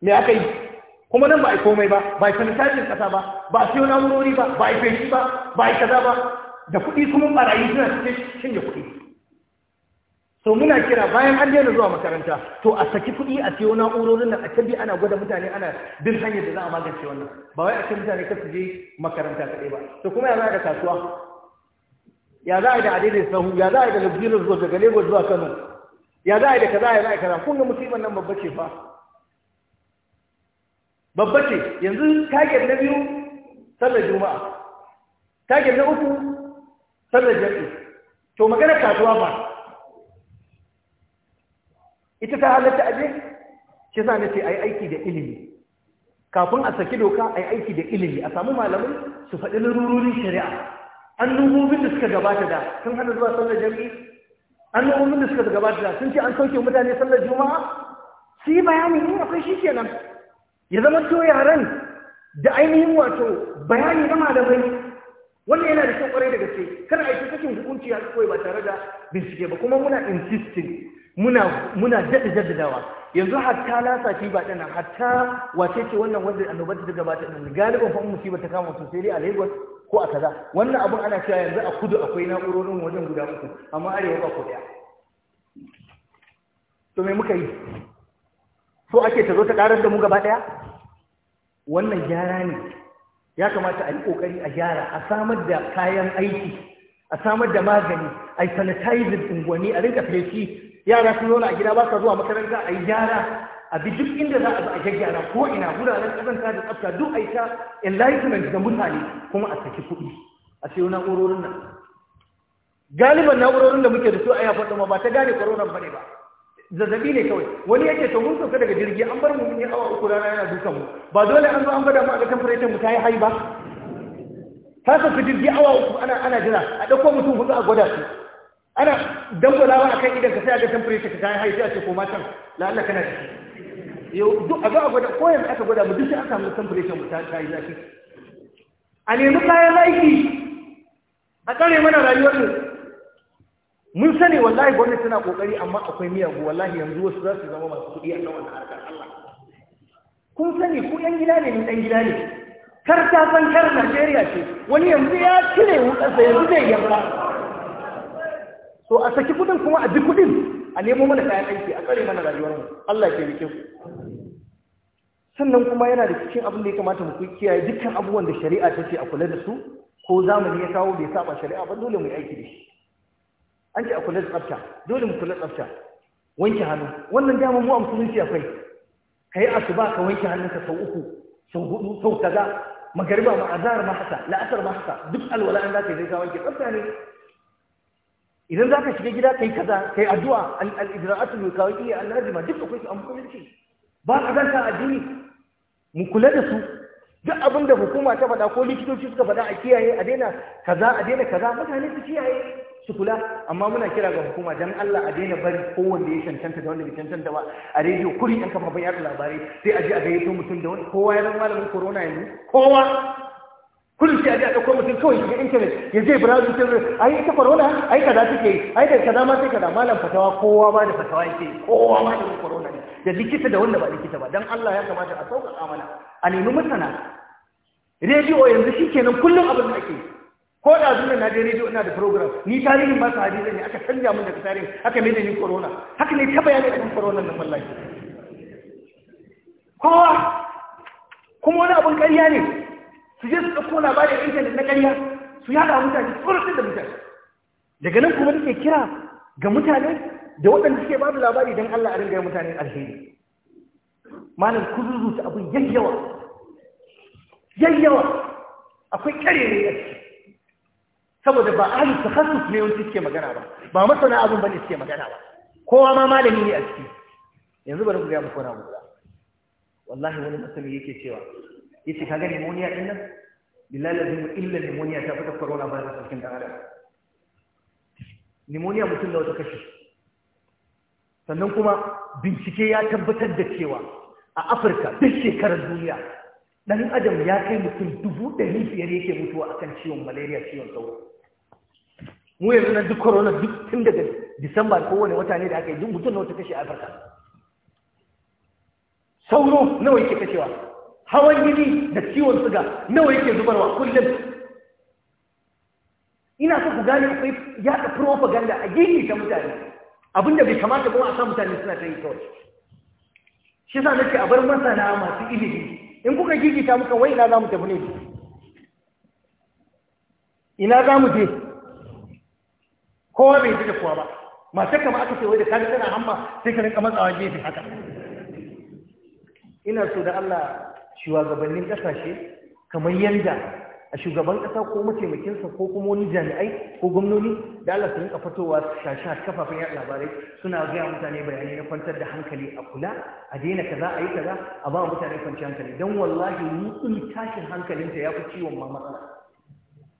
Speaker 1: me aka yi kuma nan ba a yi komai ba ba a yi sanitajin kasa ba ba a siyo na'urori ba ba a yi feshi ba ba a yi kaza ba da kuɗi kuma ɓarayi suna cikin cinye kuɗi so muna kira bayan an daina zuwa makaranta to a saki kuɗi a siyo na'urorin nan a can bi ana gwada mutane ana bin hanyar da za a magance wannan ba wai a can mutane ka su je makaranta kaɗai ba to kuma ya za da kasuwa ya za a yi da adadin sahu ya za a yi da lagos zuwa daga lagos zuwa kano ya za a yi da kaza ya za a yi kaza kun ga musibar nan babba ce fa babba ce yanzu target na biyu sallar juma'a target na uku sallar jam'i to magana kasuwa ba ita ta halatta aje shi sa nace ai aiki da ilimi kafin a saki doka ai aiki da ilimi a samu malamai su faɗi larurorin shari'a An annubobin da suka gabata da sun hana zuwa sallar jam'i annubobin da suka gabata da sun ce an sauke mutane sallar juma'a su yi bayani ne akwai shi kenan ya zama to yaran da ainihin wato bayani na malamai wannan yana da kyau kwarai da gaske kar a yi cikin hukunci ya kawai ba tare da bincike ba kuma muna insisting muna muna daɗa jaddadawa yanzu hatta lasa sati ba ɗana hatta wace ce wannan wanda annobar ta gabata ɗin galibin fa musibar ta kama sosai a Lagos ko a kaza wannan abun ana cewa yanzu a kudu akwai na'urorin wajen guda uku amma arewa ba ko ɗaya to me muka yi so ake ta zo ta ƙarar da mu gaba ɗaya wannan gyara ne ya kamata a yi ƙoƙari a gyara a samar da kayan aiki a samar da magani a yi sanitizing unguwanni a rinka feshi yara sun zauna a gida ba sa zuwa makaranta a yi gyara a bi duk inda za a bi a gyaggyara ko ina wuraren ƙazanta da tsafta duk a yi ta enlightenment ga mutane kuma a saki kuɗi a sayo na'urorin nan galiban na'urorin da muke da su a yafa ma ba ta gane corona ba ne ba zazzabi ne kawai wani yake to mun sauka daga jirgi an bar mu ne awa uku rana yana dukan mu ba dole an zo an gwada mu a ga temperature mu ta yi haiba ba ta sauka jirgi awa uku ana ana jira a ɗauko mutum hudu a gwada su ana dangwalawa a kan idan ka sai a ga temperature ka ta yi hai sai a ce ko matan, la'alla kana ciki yau duk a zo a gwada ko yanzu aka gwada mu duk sai aka samu temperature mu ta yi zafi a nemi kayan laifi, a tsare mana rayuwar mu mun sani wallahi gwamnati tana kokari amma akwai miyagu wallahi yanzu wasu za su zama masu kuɗi a kan wannan harkar Allah kun sani ku ɗan gida ne mun ɗan gida ne kar ta san kar Najeriya ce wani yanzu ya cire sai yanzu zai yarda to a saki kuɗin kuma a bi kuɗin a nemo mana kayan aiki a kare mana rayuwar mu Allah ya taimake ku sannan kuma yana da cikin abin da ya kamata mu kiyaye dukkan abubuwan da shari'a ta ce a kula da su ko zamani ya kawo bai saba shari'a ba dole mu yi aiki da shi an ce a kula da tsafta dole mu kula da tsafta wanke hannu wannan dama mu a musulunci akwai ka yi asuba ka wanke hannunka sau uku sau hudu sau kaza magariba ma azhar ma haka la'asar ma haka duk alwala an zaka yi ka wanke tsafta ne idan zaka shiga gida kai kaza kai addu'a al-idra'atu al-kawiyya al-lazima duk akwai su a musulunci ba ka zanta addini mu kula da su duk abin da hukuma ta faɗa ko likitoci suka faɗa a kiyaye a daina kaza a daina kaza mutane su kiyaye su kula amma muna kira ga hukuma dan Allah a daina bari kowanne ya cancanta da wanda ya cancanta ba a rediyo kuri ɗan kafa bayar yaɗa labarai sai a je a gayyato mutum da wani kowa ya zama malamin corona yanzu kowa kullum sai a je a ɗauko mutum kawai shiga intanet ya je brazil sai yi ita corona yi kaza take yi ai da kaza ma sai kaza malam fatawa kowa ma da fatawa yake kowa ma da corona ne da likita da wanda ba likita ba dan Allah ya kamata a sauƙaƙa mana a nemi masana rediyo yanzu shikenan kullum abin da ake yi ko da zuwa na je rediyo ina da program ni tarihin ba su hadisi ne aka canja min daga tarihin aka mai da ni corona haka ne ta bayani akan corona nan wallahi kowa kuma wani abun ƙarya ne su je su ɗauko labarin intanet na ƙarya su yada mutane tsoron da mutane daga nan kuma nake kira ga mutane da waɗanda suke ba da labari don Allah a ringa yi mutane alheri malam kuzuzu ta abin yayyawa yayyawa akwai kare ne a ciki saboda ba ahli takhassus ne wanda suke magana ba ba masana abin bane suke magana ba kowa ma malami ne a ciki yanzu bari ku ga muku na guda wallahi wani masani yake cewa yace kaga pneumonia din nan billahi lazim illa pneumonia ta fita corona ba ta cikin dan adam pneumonia mutum da wata kashi sannan kuma bincike ya tabbatar da cewa a Afirka duk shekarar duniya dan adam ya kai mutum dubu ɗari biyar yake mutuwa akan ciwon malaria ciwon sauro mu yanzu na duk corona duk tun daga disamba wani wata ne da aka yi duk mutum na wata kashe afirka sauro nawa yake kashewa hawan gini da ciwon suga nawa yake zubarwa kullum ina so ku gane akwai yaɗa propaganda a gini ta mutane abinda bai kamata kuma a sa mutane suna ta yi kawai shi sa nake a bar masana masu ilimi in kuka gigita muka wai ina za mu tafi ne ina za mu je kowa bai ji da kowa ba masu kama aka ce wai da kaji tana hamma sai ka kamar tsawon gefe haka ina so da Allah shugabannin kasashe kamar yanda a shugaban kasa ko mataimakinsa ko kuma wani jami'ai ko gwamnoni da Allah su rinka fitowa a kafafen yaɗa labarai suna gaya mutane bayanai na kwantar da hankali a kula a daina kaza a yi kaza a ba mutane kwanciyar hankali don wallahi mutum tashin hankalinta ya fi ciwon ma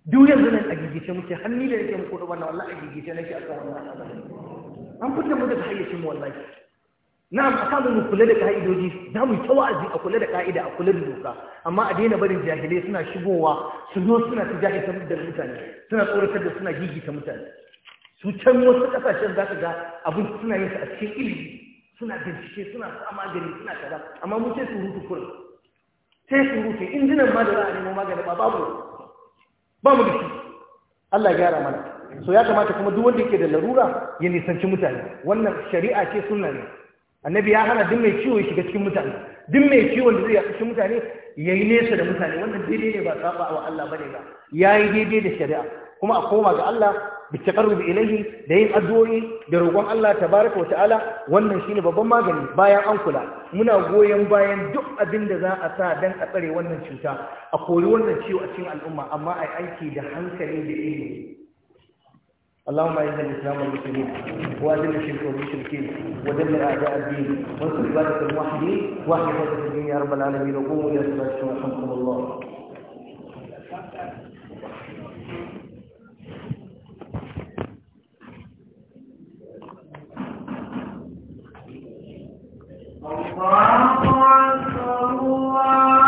Speaker 1: duk yanzu nan a gigice muke hannu da yake muku na wallahi a gigice nake akan wannan an fitar mu daga hayyacin mu wallahi na'am a samu mu kula da ka'idoji za mu yi ta wa'azi a kula da ka'ida a kula da doka amma a daina barin jahilai suna shigowa su zo suna ta jahilta da mutane suna tsoratar da suna gigita mutane su can wasu kasashen za ka ga abin suna yin su a cikin ilimi suna bincike suna sa magani suna kaza amma mu sai su hutu kullum sai su hutu injinan ma da za a nemo magani ba babu ba mu da Allah gyara mana so ya kamata kuma duk wanda yake da larura ya nisanci mutane wannan shari'a ce sunna ne annabi ya hana duk mai ciwo ya shiga cikin mutane duk mai ciwon da zai yaɗu cikin mutane ya yi nesa da mutane wannan daidai ne ba saba wa Allah bane ba ya yi daidai da shari'a kuma a koma ga Allah بالتقرب إليه دين أدوي دروقون الله تبارك وتعالى wannan shine babban magani bayan an kula muna goyen bayan أدين ذا أتا دن أتري sa dan أقول tsare wannan cuta a kori wannan ciwo a cikin al'umma اللهم اعز الاسلام والمسلمين واذل الشرك والمشركين ودمر اعداء الدين وانصر عبادك الموحدين هذا الدين يا رب العالمين وقوموا يا سلام الله الله أكبر الله